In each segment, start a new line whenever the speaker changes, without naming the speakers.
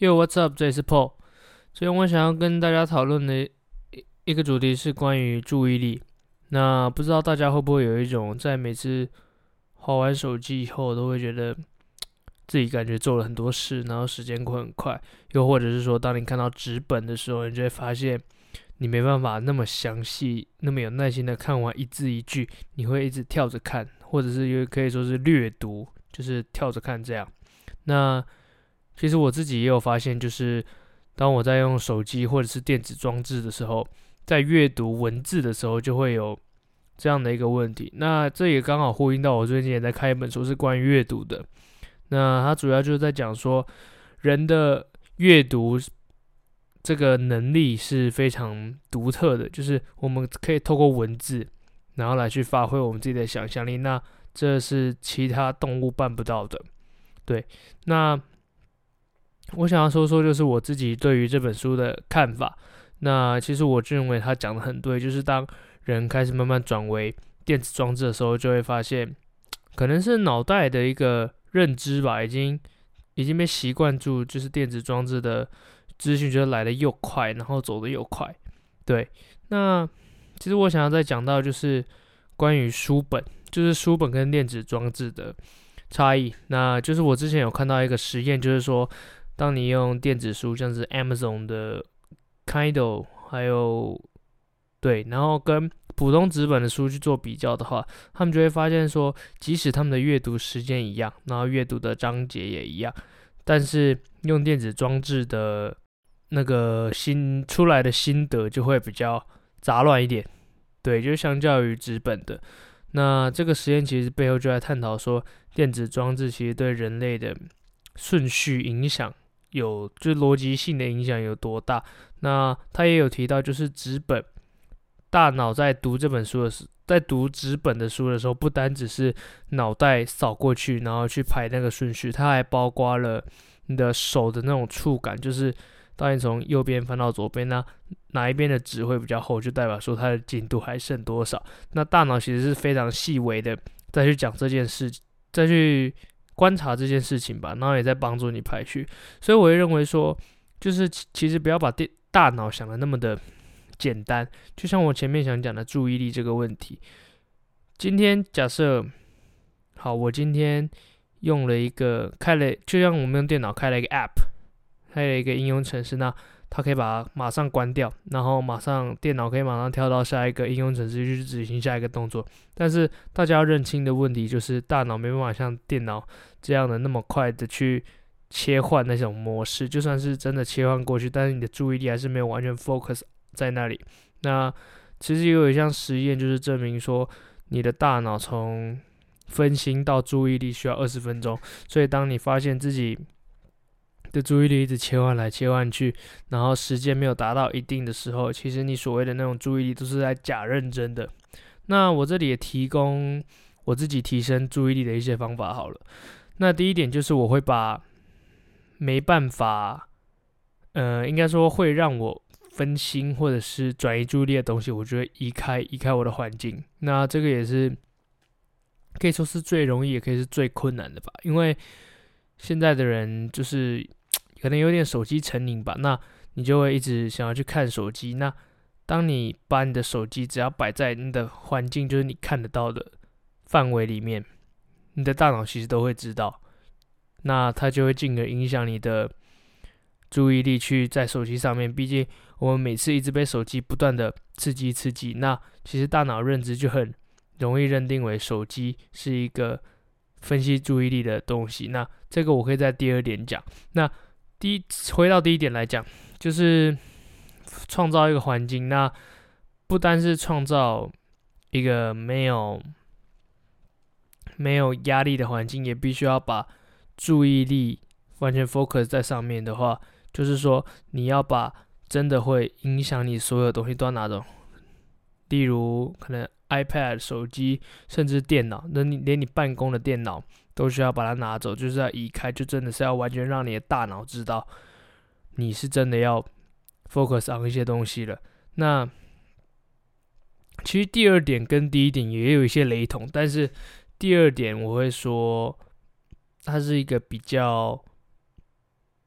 Yo, what's up? 這是 Paul。今天我想要跟大家討論的一一個主題是關於注意力。那不知道大家會不會有一種，在每次劃完手機以後，都會覺得自己感覺做了很多事，然後時間過很快。又或者是說，當你看到紙本的時候，你就會發現你沒辦法那麼詳細、那麼有耐心地看完一字一句，你會一直跳着看，或者是也可以說是略讀，就是跳着看這樣。那其實我自己也有發現，就是當我在用手機或者是電子裝置的時候，在閱讀文字的時候，就會有這樣的一個問題。那這也剛好呼應到我最近也在看一本書，是關於閱讀的。那它主要就是在講說，人的閱讀這個能力是非常獨特的，就是我們可以透過文字，然後來去發揮我們自己的想象力。那這是其他動物辦不到的。對，那。我想要說說，就是我自己對於這本書的看法。那其實我就認為他講得很對，就是當人開始慢慢轉為電子裝置的時候，就會發現，可能是腦袋的一個認知吧，已經已經被習慣住，就是電子裝置的資訊，覺得來得又快，然後走得又快。對，那其實我想要再講到，就是關於書本，就是書本跟電子裝置的差異。那就是我之前有看到一個實驗，就是說。當你用電子書，像是 Amazon 的 Kindle，還有，對，然後跟普通紙本的書去做比較的話，他們就會發現說，即使他們的閱讀時間一樣，然後閱讀的章節也一樣，但是用電子裝置的那個心出來的心得就會比較雜亂一點，對，就相較於紙本的。那這個實驗其實背後就在探討說，電子裝置其實對人類的順序影響。有，就邏輯性的影響有多大？那他也有提到，就是紙本大腦在讀這本書的時，在讀紙本的書的時候，不單只是腦袋掃過去，然後去排那個順序，它還包括了你的手的那種觸感，就是當你從右邊翻到左邊呢，哪一邊的紙會比較厚，就代表說它的進度還剩多少。那大腦其實是非常細微的，再去講這件事，再去。觀察這件事情吧，然後也在幫助你排序，所以我認為說，就是其，其實不要把電大腦想的那麼的簡單，就像我前面想講的注意力這個問題。今天假設，好，我今天用了一個開了，就像我們用電腦開了一個 app，開了一個應用程式，那。它可以把它馬上關掉，然後馬上電腦可以馬上跳到下一個應用程式去執行下一個動作。但是大家要認清的問題就是，大腦沒辦法像電腦這樣的那麼快的去切換那種模式。就算是真的切換過去，但是你的注意力還是沒有完全 focus 在那裡。那其實也有一項實驗就是證明說，你的大腦從分心到注意力需要二十分鐘。所以當你發現自己，的注意力一直切換來切換去，然後時間沒有達到一定的時候，其實你所謂的那種注意力都是在假認真的。那我這裡也提供我自己提升注意力的一些方法。好了，那第一點就是我會把沒辦法，呃，應該說會讓我分心或者是轉移注意力的東西，我就會移開移開我的環境。那這個也是可以說是最容易，也可以是最困難的吧，因為現在的人就是。可能有點手機成癮吧，那你就會一直想要去看手機。那當你把你的手機只要擺在你的環境，就是你看得到的範圍裡面，你的大腦其實都會知道，那它就會進而影響你的注意力去在手機上面。畢竟我們每次一直被手機不斷的刺激刺激，那其實大腦認知就很容易認定為手機是一個分析注意力的東西。那這個我可以在第二點講。那第一，回到第一點來講，就是創造一個環境。那不單是創造一個沒有沒有壓力的環境，也必須要把注意力完全 focus 在上面的話，就是說你要把真的會影響你所有東西都要拿走，例如可能 iPad、手機，甚至電腦。那你連你辦公的電腦，都需要把它拿走，就是要移開，就真的是要完全讓你的大腦知道，你是真的要 focus on 一些東西了。那其實第二點跟第一點也有一些雷同，但是第二點我會說，它是一個比較，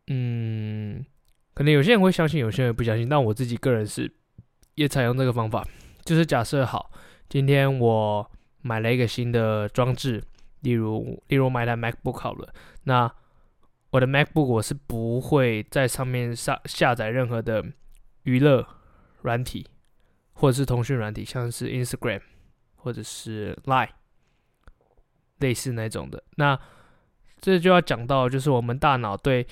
嗯，可能有些人會相信，有些人不相信。但我自己個人是也採用這個方法，就是假設好，今天我買了一個新的裝置。例如，例如買來 MacBook 好了，那我的 MacBook 我是不會在上面下下載任何的娛樂軟體，或者是通訊軟體，像是 Instagram 或者是 Line 類似那種的。那這就要講到，就是我們大腦對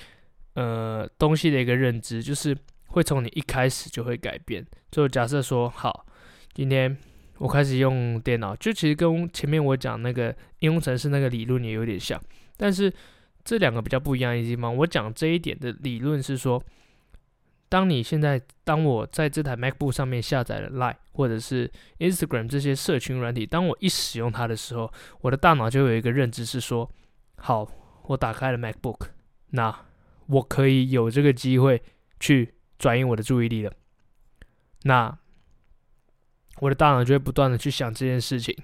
呃東西的一個認知，就是會從你一開始就會改變。就假設說，好，今天。我開始用電腦，就其實跟前面我講那個應用程式那個理論也有點像，但是這兩個比較不一樣，一點嘛，我講這一點的理論是說，當你現在當我在這台 MacBook 上面下載了 Line 或者是 Instagram 這些社群軟體，當我一使用它的時候，我的大腦就有一個認知是說，好，我打開了 MacBook，那我可以有這個機會去轉移我的注意力了。那，我的大腦就會不斷的去想這件事情，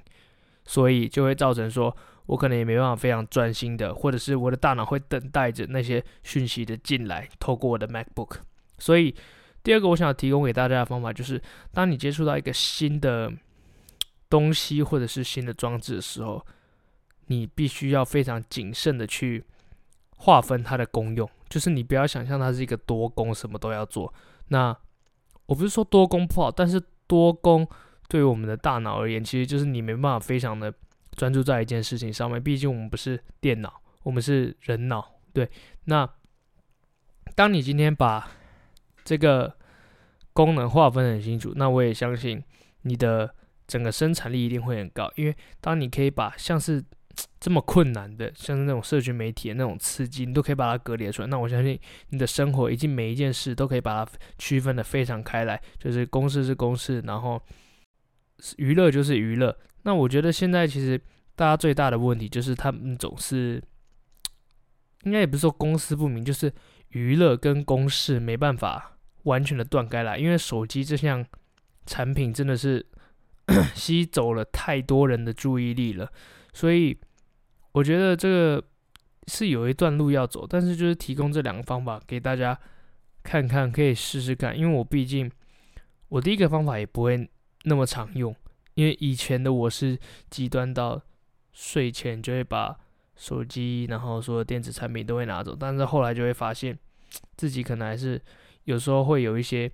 所以就會造成說，我可能也沒辦法非常專心的，或者是我的大腦會等待着那些訊息的進來，透過我的 MacBook。所以第二個我想提供給大家的方法就是，當你接觸到一個新的東西或者是新的裝置的時候，你必須要非常謹慎的去劃分它的功用，就是你不要想象它是一個多工，什麼都要做。那我不是說多工不好，但是多工，對於我們的大腦而言，其實就是你沒辦法非常的專注在一件事情上面。畢竟我們不是電腦，我們是人腦。對，那當你今天把這個功能劃分很清楚，那我也相信你的整個生產力一定會很高。因為當你可以把像是這麼困難的，像是那種社群媒體的那種刺激，你都可以把它隔離出來。那我相信你的生活以及每一件事都可以把它區分的非常開來，就是公事是公事，然後娛樂就是娛樂。那我覺得現在其實大家最大的問題就是他們總是，應該也不是說公私不明，就是娛樂跟公事沒辦法完全的斷開來，因為手機這項產品真的是 吸走了太多人的注意力了，所以。我覺得這個是有一段路要走，但是就是提供這兩個方法給大家看看，可以試試看。因為我畢竟我第一個方法也不會那麼常用，因為以前的我是極端到睡前就會把手機，然後所有的電子產品都會拿走，但是後來就會發現自己可能還是有時候會有一些。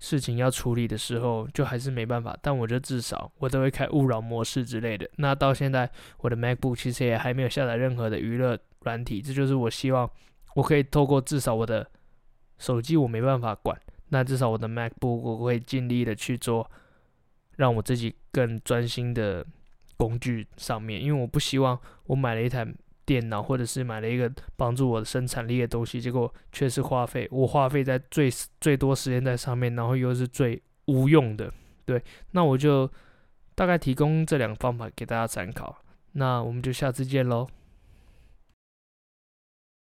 事情要處理的時候，就還是沒辦法。但我就至少，我都會開勿擾模式之類的。那到現在，我的 MacBook 其實也還沒有下載任何的娛樂軟體。這就是我希望，我可以透過至少我的手機我沒辦法管，那至少我的 MacBook 我會盡力的去做，讓我自己更專心的工具上面。因為我不希望我買了一台。電腦，或者是買了一個幫助我的生產力的個東西，結果卻是花費我花費在最最多時間在上面，然後又是最無用的。對，那我就大概提供這兩個方法給大家參考。那我們就下次見嘍。